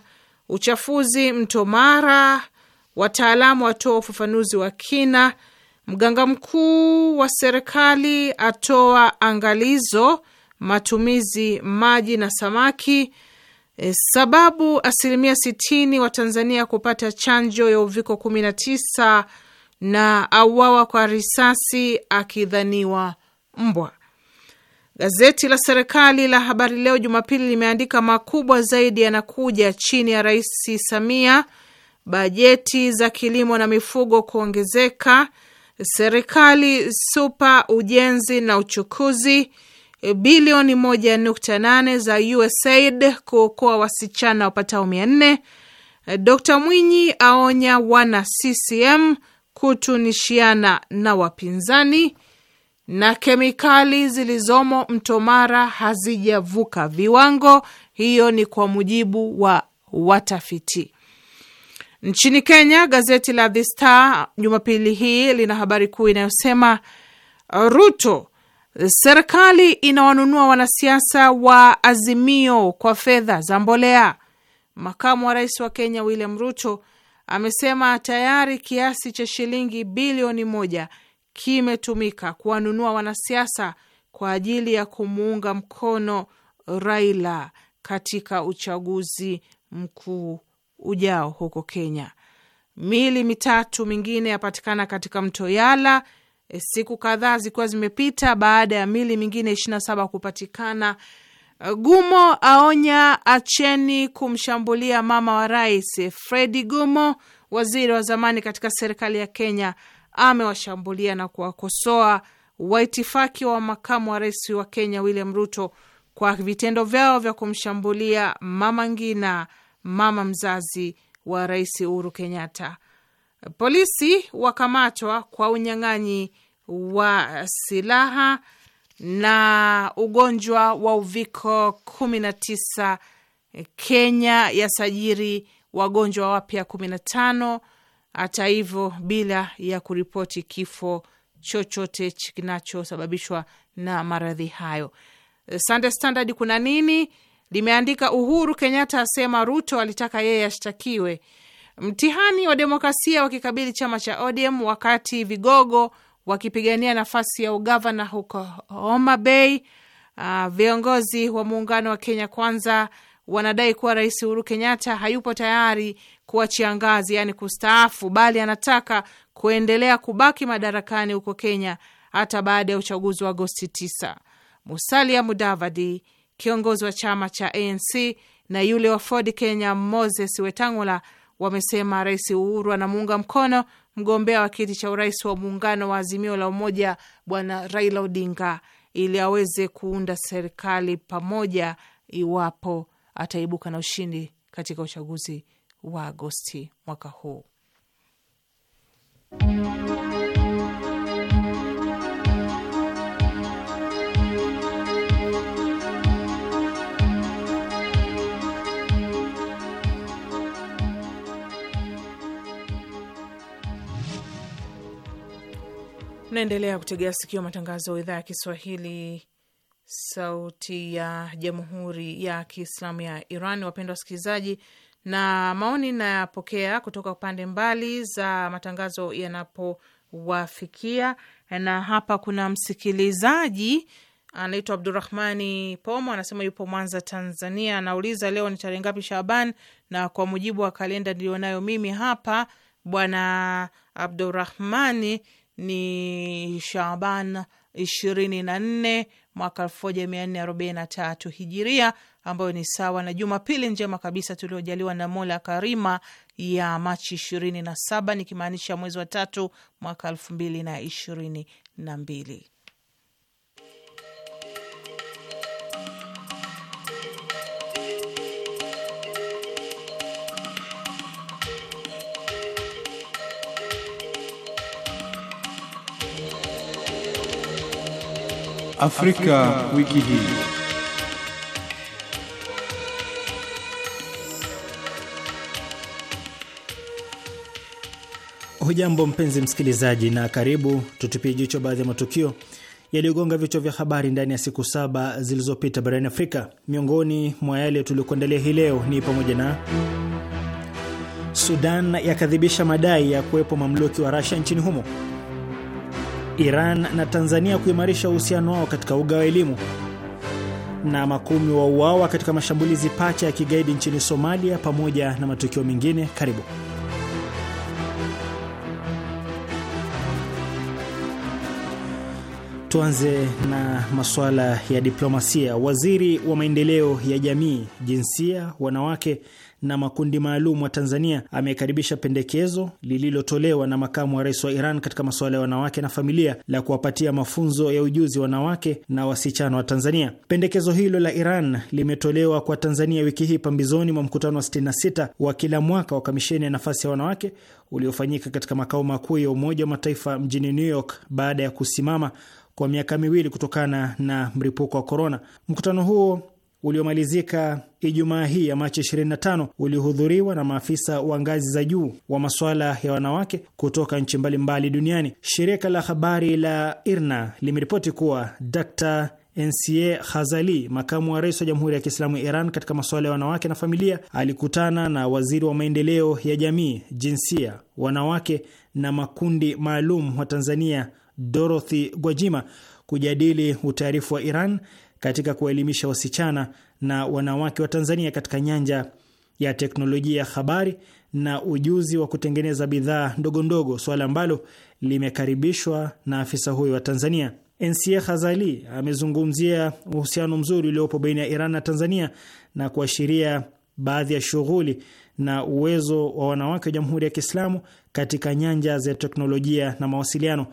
Speaker 2: uchafuzi mto Mara, wataalamu watoa ufafanuzi wa kina, mganga mkuu wa serikali atoa angalizo matumizi maji na samaki. E, sababu asilimia sitini wa Tanzania kupata chanjo ya uviko kumi na tisa na auawa kwa risasi akidhaniwa mbwa. Gazeti la serikali la Habari Leo Jumapili limeandika makubwa zaidi yanakuja chini ya Rais Samia, bajeti za kilimo na mifugo kuongezeka, serikali super ujenzi na uchukuzi bilioni 1.8 za USAID kuokoa wasichana wapatao 400. d Mwinyi aonya wana CCM kutunishiana na wapinzani, na kemikali zilizomo mto Mara hazijavuka viwango. Hiyo ni kwa mujibu wa watafiti. Nchini Kenya, gazeti la The Star Jumapili hii lina habari kuu inayosema Ruto Serikali inawanunua wanasiasa wa Azimio kwa fedha za mbolea. Makamu wa rais wa Kenya William Ruto amesema tayari kiasi cha shilingi bilioni moja kimetumika kuwanunua wanasiasa kwa ajili ya kumuunga mkono Raila katika uchaguzi mkuu ujao huko Kenya. Mili mitatu mingine yapatikana katika mto Yala Eh, siku kadhaa zikiwa zimepita baada ya mili mingine 27 kupatikana. Eh, Gumo aonya acheni kumshambulia mama wa rais. Eh, Fredi Gumo, waziri wa zamani katika serikali ya Kenya, amewashambulia na kuwakosoa waitifaki wa makamu wa rais wa Kenya William Ruto kwa vitendo vyao vya kumshambulia mama Ngina, mama mzazi wa rais Uhuru Kenyatta. Polisi wakamatwa kwa unyang'anyi wa silaha na ugonjwa wa uviko 19. Kenya yasajiri wagonjwa wapya 15, hata hivyo bila ya kuripoti kifo chochote kinachosababishwa na maradhi hayo. Sunday Standard kuna nini limeandika, Uhuru Kenyatta asema Ruto alitaka yeye ashtakiwe Mtihani wa demokrasia wakikabili chama cha ODM wakati vigogo wakipigania nafasi ya ugavana huko Homa Bay. Uh, viongozi wa muungano wa Kenya Kwanza wanadai kuwa Rais Uhuru Kenyatta hayupo tayari kuachia ngazi, yaani kustaafu, bali anataka kuendelea kubaki madarakani huko Kenya hata baada ya uchaguzi wa Agosti 9. Musalia Mudavadi, kiongozi wa chama cha ANC, na yule wa Ford Kenya Moses Wetangula wamesema Rais Uhuru anamuunga mkono mgombea wa kiti cha urais wa muungano wa Azimio la Umoja Bwana Raila Odinga ili aweze kuunda serikali pamoja iwapo ataibuka na ushindi katika uchaguzi wa Agosti mwaka huu. Naendelea kutegea sikio matangazo ya idhaa ya Kiswahili, sauti ya jamhuri ya kiislamu ya Iran. Wapendwa wasikilizaji, na maoni nayapokea kutoka pande mbali za matangazo yanapowafikia, na hapa kuna msikilizaji anaitwa Abdurahmani Pomo, anasema yupo Mwanza, Tanzania. Anauliza, leo ni tarehe ngapi Shaban? Na kwa mujibu wa kalenda niliyonayo mimi hapa, bwana Abdurahmani, ni Shaban ishirini na nne mwaka elfu moja mia nne arobaini na tatu hijiria ambayo ni sawa na Jumapili njema kabisa tuliojaliwa na Mola Karima ya Machi ishirini na saba nikimaanisha mwezi wa tatu mwaka elfu mbili na ishirini na mbili.
Speaker 1: Afrika, wiki hii.
Speaker 3: Hujambo mpenzi msikilizaji, na karibu tutupie jicho baadhi ya matukio yaliyogonga vichwa vya habari ndani ya siku saba zilizopita barani Afrika. Miongoni mwa yale tuliokuandalia hii leo ni pamoja na Sudan yakadhibisha madai ya kuwepo mamluki wa Russia nchini humo Iran na Tanzania kuimarisha uhusiano wao katika uga wa elimu, na makumi wa uawa katika mashambulizi pacha ya kigaidi nchini Somalia, pamoja na matukio mengine. Karibu. Tuanze na masuala ya diplomasia. Waziri wa maendeleo ya jamii, jinsia, wanawake na makundi maalum wa Tanzania amekaribisha pendekezo lililotolewa na makamu wa rais wa Iran katika masuala ya wanawake na familia la kuwapatia mafunzo ya ujuzi wanawake na wasichana wa Tanzania. Pendekezo hilo la Iran limetolewa kwa Tanzania wiki hii pambizoni mwa mkutano wa 66 wa kila mwaka wa kamisheni ya nafasi ya wanawake uliofanyika katika makao makuu ya Umoja wa Mataifa mjini New York baada ya kusimama kwa miaka miwili kutokana na mlipuko wa korona. Mkutano huo uliomalizika Ijumaa hii ya Machi 25 ulihudhuriwa na maafisa wa ngazi za juu wa masuala ya wanawake kutoka nchi mbalimbali duniani. Shirika la habari la IRNA limeripoti kuwa Dr. Nca Khazali, makamu wa rais wa Jamhuri ya Kiislamu ya Iran katika masuala ya wanawake na familia, alikutana na waziri wa maendeleo ya jamii, jinsia, wanawake na makundi maalum wa Tanzania Dorothy Gwajima kujadili utaarifu wa Iran katika kuwaelimisha wasichana na wanawake wa Tanzania katika nyanja ya teknolojia ya habari na ujuzi wa kutengeneza bidhaa ndogo ndogo, swala ambalo limekaribishwa na afisa huyo wa Tanzania. Nca Khazali amezungumzia uhusiano mzuri uliopo baina ya Iran na Tanzania na kuashiria baadhi ya shughuli na uwezo wa wanawake wa Jamhuri ya Kiislamu katika nyanja za teknolojia na mawasiliano.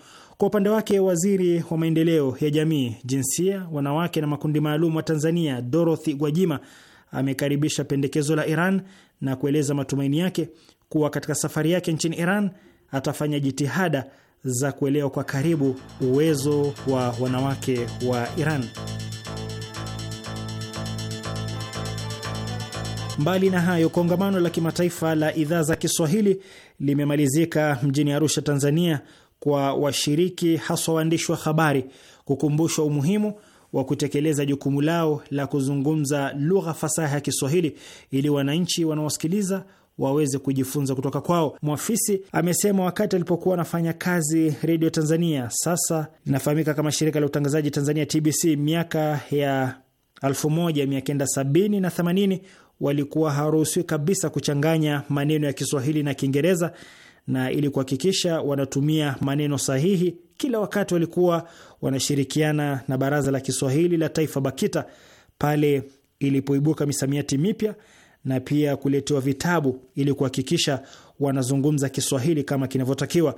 Speaker 3: Kwa upande wake waziri wa maendeleo ya jamii, jinsia, wanawake na makundi maalum wa Tanzania, Dorothy Gwajima amekaribisha pendekezo la Iran na kueleza matumaini yake kuwa katika safari yake nchini Iran atafanya jitihada za kuelewa kwa karibu uwezo wa wanawake wa Iran. Mbali na hayo, kongamano la kimataifa la idhaa za Kiswahili limemalizika mjini Arusha, Tanzania kwa washiriki haswa waandishi wa habari kukumbushwa umuhimu wa kutekeleza jukumu lao la kuzungumza lugha fasaha ya Kiswahili ili wananchi wanaosikiliza waweze kujifunza kutoka kwao. Mwafisi amesema wakati alipokuwa anafanya kazi redio Tanzania, sasa inafahamika kama shirika la utangazaji Tanzania TBC, miaka ya 1970 na 80 walikuwa haruhusiwi kabisa kuchanganya maneno ya Kiswahili na Kiingereza na ili kuhakikisha wanatumia maneno sahihi, kila wakati walikuwa wanashirikiana na Baraza la Kiswahili la Taifa BAKITA pale ilipoibuka misamiati mipya na pia kuletewa vitabu ili kuhakikisha wanazungumza Kiswahili kama kinavyotakiwa.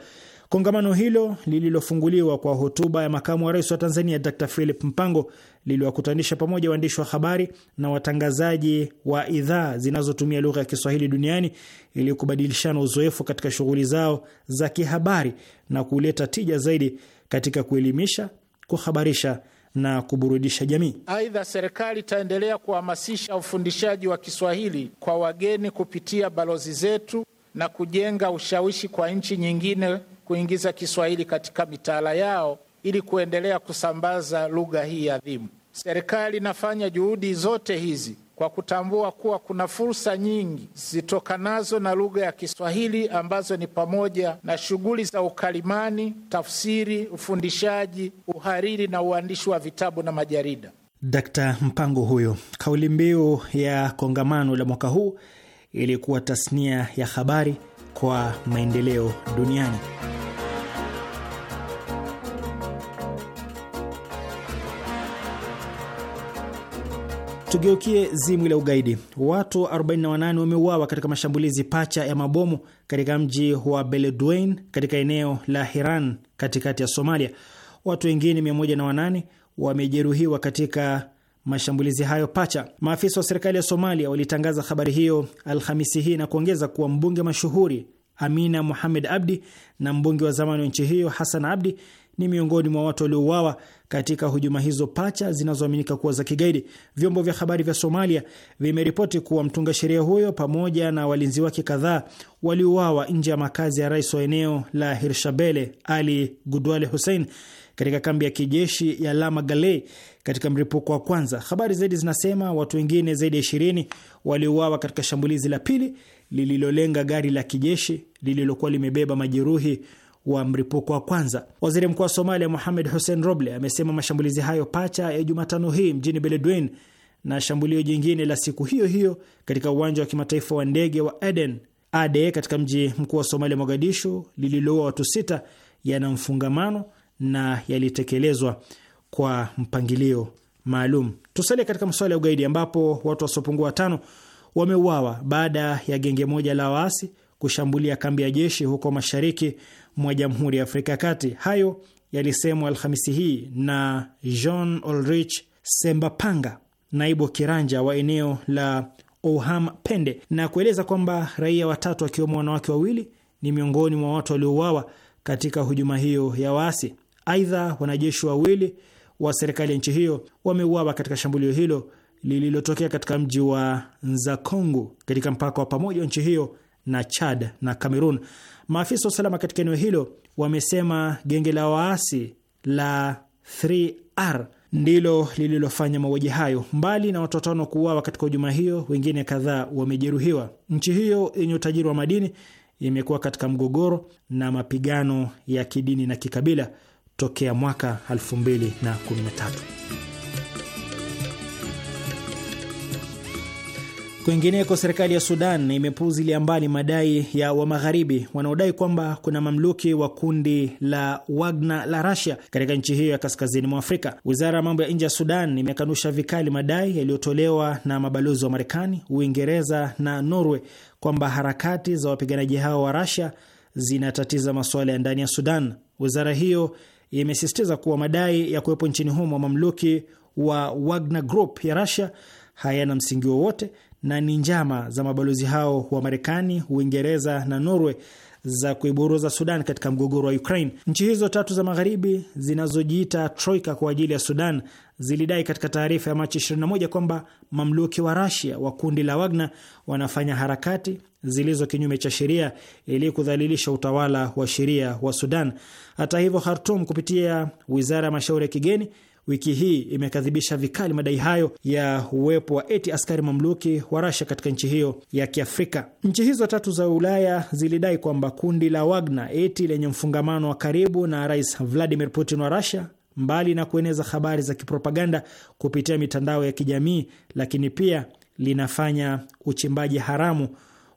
Speaker 3: Kongamano hilo lililofunguliwa kwa hotuba ya makamu wa rais wa Tanzania Dr. Philip Mpango liliwakutanisha pamoja waandishi wa habari na watangazaji wa idhaa zinazotumia lugha ya Kiswahili duniani ili kubadilishana uzoefu katika shughuli zao za kihabari na kuleta tija zaidi katika kuelimisha, kuhabarisha na kuburudisha jamii. Aidha, serikali itaendelea kuhamasisha ufundishaji wa Kiswahili kwa wageni kupitia balozi zetu na kujenga ushawishi kwa nchi nyingine kuingiza Kiswahili katika mitaala yao ili kuendelea kusambaza lugha hii adhimu. Serikali inafanya juhudi zote hizi kwa kutambua kuwa kuna fursa nyingi zitokanazo na lugha ya Kiswahili ambazo ni pamoja na shughuli za ukalimani, tafsiri, ufundishaji, uhariri na uandishi wa vitabu na majarida. Dkt. Mpango huyo. Kauli mbiu ya kongamano la mwaka huu ilikuwa tasnia ya habari kwa maendeleo duniani. Tugeukie zimwi la ugaidi. Watu 48 wameuawa katika mashambulizi pacha ya mabomu katika mji wa Beledweyne katika eneo la Hiran katikati ya Somalia. Watu wengine 108 wamejeruhiwa katika mashambulizi hayo pacha. Maafisa wa serikali ya Somalia walitangaza habari hiyo Alhamisi hii na kuongeza kuwa mbunge mashuhuri Amina Mohamed Abdi na mbunge wa zamani wa nchi hiyo Hassan Abdi ni miongoni mwa watu waliouawa katika hujuma hizo pacha zinazoaminika kuwa za kigaidi. Vyombo vya habari vya Somalia vimeripoti kuwa mtunga sheria huyo pamoja na walinzi wake kadhaa waliuawa nje ya makazi ya rais wa eneo la Hirshabele Ali Gudwale Hussein katika kambi ya kijeshi ya Lama Galey katika mlipuko wa kwanza. Habari zaidi zinasema watu wengine zaidi ya ishirini waliuawa katika shambulizi la pili lililolenga gari la kijeshi lililokuwa limebeba majeruhi wa mripuko wa kwanza. Waziri mkuu wa Somalia Mohamed Hussein Roble amesema mashambulizi hayo pacha ya Jumatano hii mjini Beledweyne na shambulio jingine la siku hiyo hiyo katika uwanja wa kimataifa wa ndege wa Aden Ade katika mji mkuu wa Somalia Mogadishu, lililoua watu sita, yana mfungamano na yalitekelezwa kwa mpangilio maalum. Tusalie katika masuala ya ugaidi ambapo watu wasiopungua watano wameuawa baada ya genge moja la waasi kushambulia kambi ya jeshi huko mashariki mwa Jamhuri ya Afrika ya Kati. Hayo yalisemwa Alhamisi hii na Jean Olrich Sembapanga, naibu kiranja wa eneo la Ouham Pende, na kueleza kwamba raia watatu wakiwemo wanawake wawili ni miongoni mwa watu waliouawa katika hujuma hiyo ya waasi. Aidha, wanajeshi wawili wa serikali ya nchi hiyo wameuawa katika shambulio hilo lililotokea katika mji wa Nzakongo katika mpaka wa pamoja wa nchi hiyo na Chad na Cameroon. Maafisa wa usalama katika eneo hilo wamesema genge la waasi la 3R ndilo lililofanya mauaji hayo. Mbali na watu watano kuuawa katika hujuma hiyo, wengine kadhaa wamejeruhiwa. Nchi hiyo yenye utajiri wa madini imekuwa katika mgogoro na mapigano ya kidini na kikabila tokea mwaka 2013. Kwingineko, serikali ya Sudan imepuzilia mbali madai ya wa magharibi wanaodai kwamba kuna mamluki wa kundi la Wagner la Russia katika nchi hiyo ya kaskazini mwa Afrika. Wizara ya mambo ya nje ya Sudan imekanusha vikali madai yaliyotolewa na mabalozi wa Marekani, Uingereza na Norway kwamba harakati za wapiganaji hao wa Russia zinatatiza masuala ya ndani ya Sudan. Wizara hiyo imesisitiza kuwa madai ya kuwepo nchini humo mamluki wa Wagner Group ya Russia hayana msingi wowote na ni njama za mabalozi hao wa Marekani, Uingereza na Norway za kuiburuza Sudan katika mgogoro wa Ukraine. Nchi hizo tatu za magharibi zinazojiita troika kwa ajili ya Sudan zilidai katika taarifa ya Machi 21 kwamba mamluki wa Rasia wa kundi la Wagner wanafanya harakati zilizo kinyume cha sheria ili kudhalilisha utawala wa sheria wa Sudan. Hata hivyo, hartum kupitia wizara ya mashauri ya kigeni wiki hii imekadhibisha vikali madai hayo ya uwepo wa eti askari mamluki wa rasia katika nchi hiyo ya Kiafrika. Nchi hizo tatu za Ulaya zilidai kwamba kundi la Wagner eti lenye mfungamano wa karibu na Rais Vladimir Putin wa rasia mbali na kueneza habari za kipropaganda kupitia mitandao ya kijamii, lakini pia linafanya uchimbaji haramu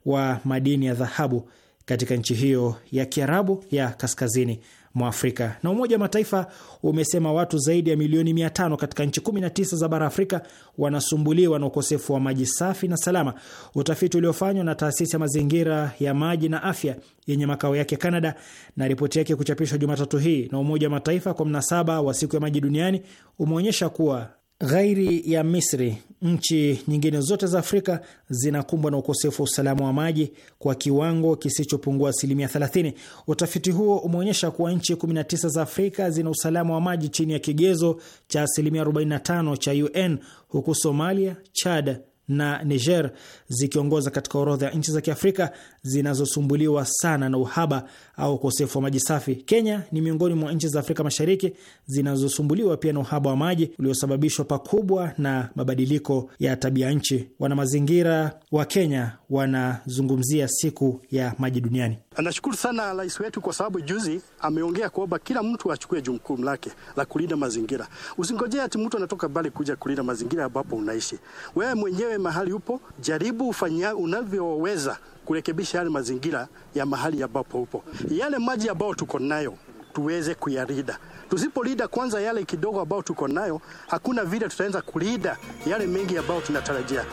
Speaker 3: wa madini ya dhahabu katika nchi hiyo ya Kiarabu ya kaskazini mwa Afrika. Na Umoja wa Mataifa umesema watu zaidi ya milioni tano katika nchi 19 za bara Afrika wanasumbuliwa na ukosefu wa maji safi na salama. Utafiti uliofanywa na taasisi ya mazingira ya maji na afya yenye makao yake Canada na ripoti yake kuchapishwa Jumatatu hii na Umoja wa Mataifa kwa mnasaba wa siku ya maji duniani umeonyesha kuwa Ghairi ya Misri, nchi nyingine zote za Afrika zinakumbwa na ukosefu wa usalama wa maji kwa kiwango kisichopungua asilimia 30. Utafiti huo umeonyesha kuwa nchi 19 za Afrika zina usalama wa maji chini ya kigezo cha asilimia 45 cha UN, huku Somalia, Chad, na Niger zikiongoza katika orodha ya nchi za Kiafrika zinazosumbuliwa sana na uhaba au ukosefu wa maji safi. Kenya ni miongoni mwa nchi za Afrika Mashariki zinazosumbuliwa pia na uhaba wa maji uliosababishwa pakubwa na mabadiliko ya tabia nchi. Wanamazingira wa Kenya wanazungumzia siku ya maji duniani. Nashukuru sana rais wetu kwa sababu juzi ameongea kuomba kila mtu achukue jukumu lake la kulinda mazingira. Usingojee ati mtu anatoka bali kuja kulinda mazingira ambapo unaishi. Wewe mwenyewe mahali upo, jaribu ufanya unavyoweza kurekebisha yale mazingira ya mahali ambapo upo, yale maji ambayo tuko nayo tuweze kuyarida. Tusipolida kwanza yale kidogo ambayo tuko nayo, hakuna vile tutaanza kulida yale mengi ambayo tunatarajia.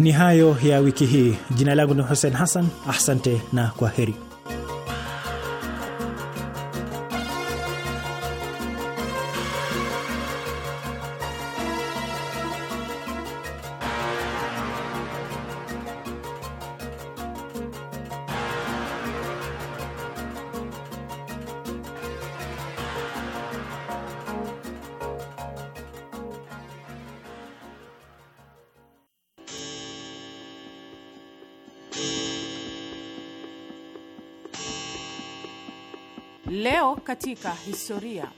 Speaker 3: Ni hayo ya wiki hii. Jina langu ni Hussein Hassan, asante na kwa heri.
Speaker 2: Leo katika historia.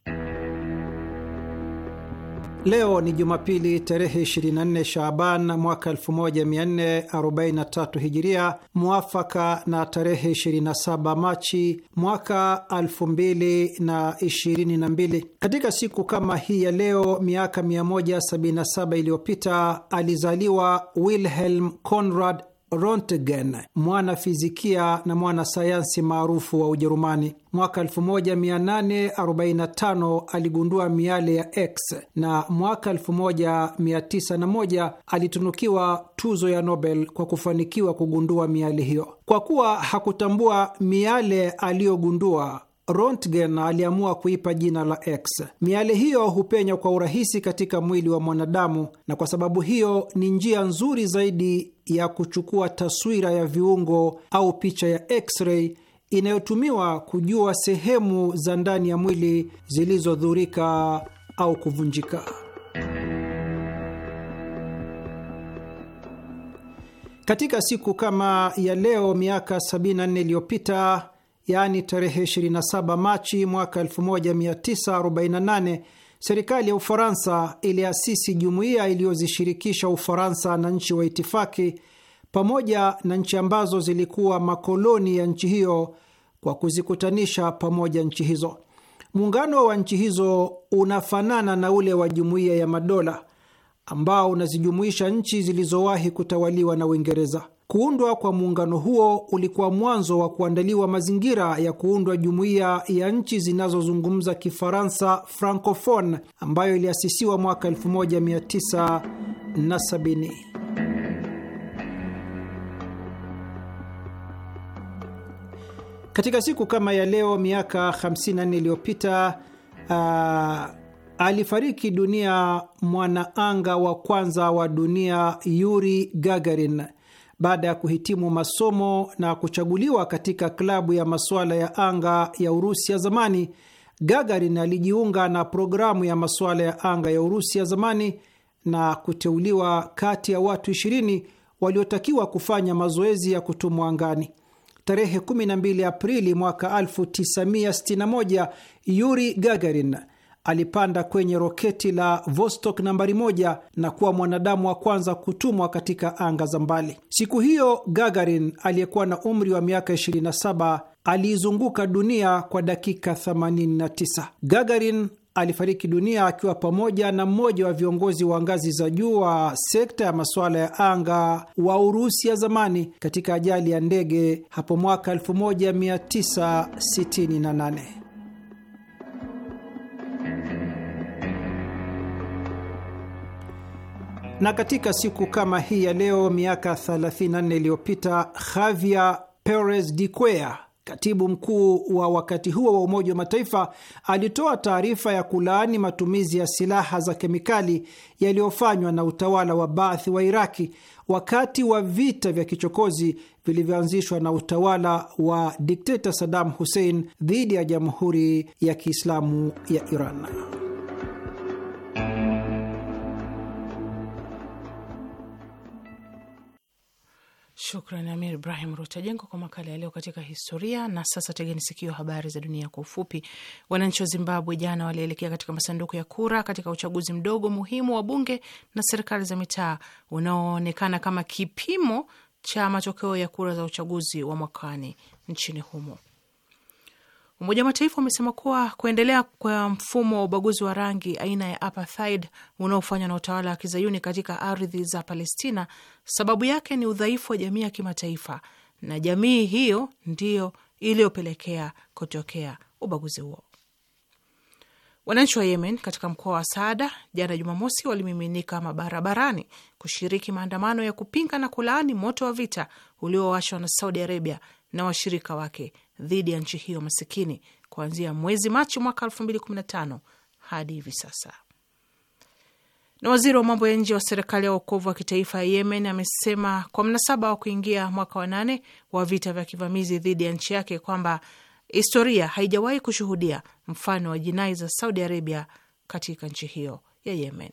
Speaker 5: Leo ni Jumapili tarehe 24 Shaaban mwaka 1443 Hijiria, mwafaka na tarehe 27 Machi mwaka 2022. Katika siku kama hii ya leo miaka 177 iliyopita alizaliwa Wilhelm Conrad Rontgen, mwana fizikia na mwana sayansi maarufu wa Ujerumani. Mwaka 1845 aligundua miale ya X na mwaka 1901 alitunukiwa tuzo ya Nobel kwa kufanikiwa kugundua miale hiyo. Kwa kuwa hakutambua miale aliyogundua Rontgen aliamua kuipa jina la X. Miale hiyo hupenya kwa urahisi katika mwili wa mwanadamu, na kwa sababu hiyo ni njia nzuri zaidi ya kuchukua taswira ya viungo au picha ya x-ray inayotumiwa kujua sehemu za ndani ya mwili zilizodhurika au kuvunjika. Katika siku kama ya leo miaka 74 iliyopita, yaani tarehe 27 Machi mwaka 1948 Serikali ya Ufaransa iliasisi jumuiya iliyozishirikisha Ufaransa na nchi wa itifaki pamoja na nchi ambazo zilikuwa makoloni ya nchi hiyo kwa kuzikutanisha pamoja nchi hizo. Muungano wa nchi hizo unafanana na ule wa Jumuiya ya Madola ambao unazijumuisha nchi zilizowahi kutawaliwa na Uingereza. Kuundwa kwa muungano huo ulikuwa mwanzo wa kuandaliwa mazingira ya kuundwa jumuiya ya nchi zinazozungumza Kifaransa Francofone ambayo iliasisiwa mwaka 1970. Katika siku kama ya leo miaka 54 iliyopita uh, alifariki dunia mwanaanga wa kwanza wa dunia Yuri Gagarin baada ya kuhitimu masomo na kuchaguliwa katika klabu ya masuala ya anga ya Urusi ya zamani, Gagarin alijiunga na programu ya masuala ya anga ya Urusi ya zamani na kuteuliwa kati ya watu 20 waliotakiwa kufanya mazoezi ya kutumwa angani. Tarehe 12 Aprili mwaka 1961 Yuri Gagarin alipanda kwenye roketi la Vostok nambari moja na kuwa mwanadamu wa kwanza kutumwa katika anga za mbali. Siku hiyo Gagarin aliyekuwa na umri wa miaka 27 aliizunguka dunia kwa dakika 89. Gagarin alifariki dunia akiwa pamoja na mmoja wa viongozi wa ngazi za juu wa sekta ya masuala ya anga wa Urusi ya zamani katika ajali ya ndege hapo mwaka 1968. Na katika siku kama hii ya leo miaka 34 iliyopita Javier Perez de Cuellar katibu mkuu wa wakati huo wa Umoja wa Mataifa alitoa taarifa ya kulaani matumizi ya silaha za kemikali yaliyofanywa na utawala wa Baath wa Iraki wakati wa vita vya kichokozi vilivyoanzishwa na utawala wa dikteta Saddam Hussein dhidi ya Jamhuri ya Kiislamu ya Iran.
Speaker 2: Shukran Amir Ibrahim jengo kwa makala ya leo katika historia. Na sasa tegeni sikio, habari za dunia kwa ufupi. Wananchi wa Zimbabwe jana walielekea katika masanduku ya kura katika uchaguzi mdogo muhimu wa bunge na serikali za mitaa unaoonekana kama kipimo cha matokeo ya kura za uchaguzi wa mwakani nchini humo. Umoja wa Mataifa umesema kuwa kuendelea kwa mfumo wa ubaguzi wa rangi aina ya apartheid unaofanywa na utawala wa kizayuni katika ardhi za Palestina, sababu yake ni udhaifu wa jamii ya kimataifa, na jamii hiyo ndiyo iliyopelekea kutokea ubaguzi huo. Wananchi wa Yemen katika mkoa wa Saada jana Jumamosi walimiminika mabarabarani kushiriki maandamano ya kupinga na kulaani moto wa vita uliowashwa na Saudi Arabia na washirika wake dhidi ya nchi hiyo masikini kuanzia mwezi Machi mwaka 2015 hadi hivi sasa. Na waziri wa mambo ya nje wa serikali ya uokovu wa kitaifa ya Yemen amesema kwa mnasaba wa kuingia mwaka wa nane wa vita vya kivamizi dhidi ya nchi yake kwamba historia haijawahi kushuhudia mfano wa jinai za Saudi Arabia katika nchi hiyo ya Yemen.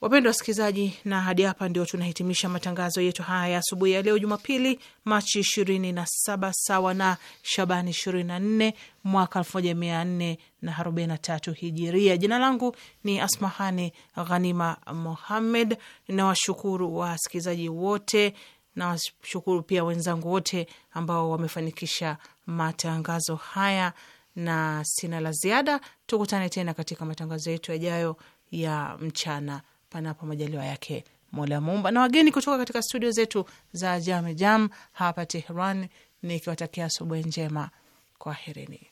Speaker 2: Wapendwa wasikilizaji, na hadi hapa ndio tunahitimisha matangazo yetu haya ya asubuhi ya leo Jumapili, Machi 27 sawa na Shabani 24 mwaka 1443 Hijiria. Jina langu ni Asmahani Ghanima Mohammed. Nawashukuru wasikilizaji wote, nawashukuru pia wenzangu wote ambao wamefanikisha matangazo haya, na sina la ziada. Tukutane tena katika matangazo yetu yajayo ya mchana panapo majaliwa yake Mola Mumba. na wageni kutoka katika studio zetu za Jamejam hapa Tehran, nikiwatakia asubuhi njema, kwaherini.